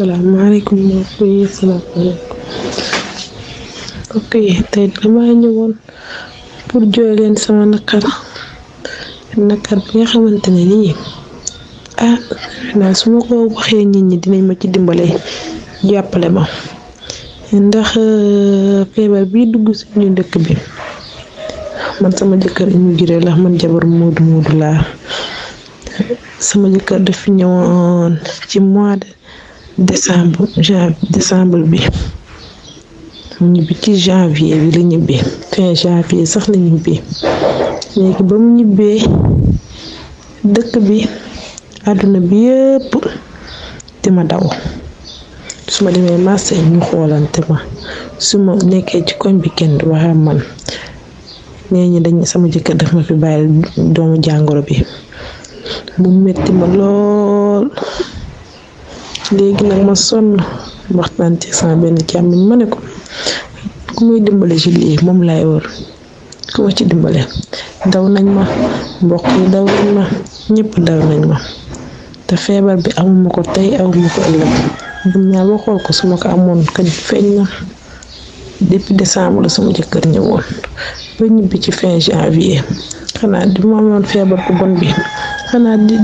salaamaaleykum mbokk yi salaamaaleykum mbokk yi ñëwoon pour jooy leen sama naqar naqar bi nga xamante ne nii ah naa su ma ko waxee nit ñi dinañ ma ci dimbale jàppale ma ndax euh, feebar bi dugg suñu dëkk bi man sama jëkkër immigré la man jabar moodu moodu laa sama jëkkër daf fi ci mois de décembre ja décembre bi mu ñibbi ci janvier bi la ñibbi fin janvier sax la ñibbi léegi ba mu ñibbee dëkk bi àdduna bi yëpp di ma daw su ma demee marché ñu xoolante ma su ma nekkee ci koñ bi kenn du wax man nee ñi dañ sama jëkkër daf ma fi bàyyi doomu jàngoro bi mu metti ma lool léegi nag ma sonn waxtaan ci sama benn càmmiñ ma ne ko ku muy dimbale moom laay wër ku ma ci dimbale daw nañ ma mboq yi daw nañ ma ñëpp daw nañ ma te feebar bi amuma ko tey amuma ko ëllëg gëm naa boo xool ko su ma ko amoon kañ feeñ na depuis décembre la sama jëkkër ñëwoon ba ñibbi ci fin janvier xanaa di ma amoon feebar bu bon bi xanaa di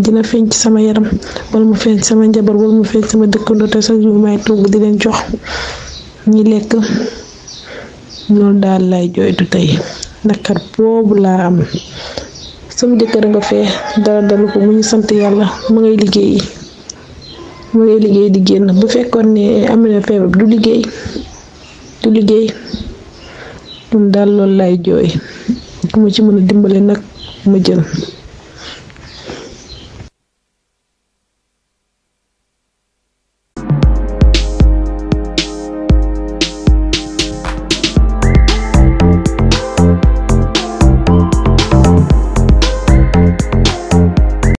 dina feeñ ci sama yaram wala mu feeñ sama njabar wala mu feeñ sama dëkkandoo te sax yu may togg di leen jox ñi lekk loolu daal lay jooytu tey nakar boobu laa am sama jëkkër nga fee dara dalu ko mu ngi sant yàlla mu ngay liggéey mu ngay liggéey di génn bu fekkoon ne am na feebar du liggéey du liggéey man daal loolu lay jooy ku ma ci mën dimmali nag ma jël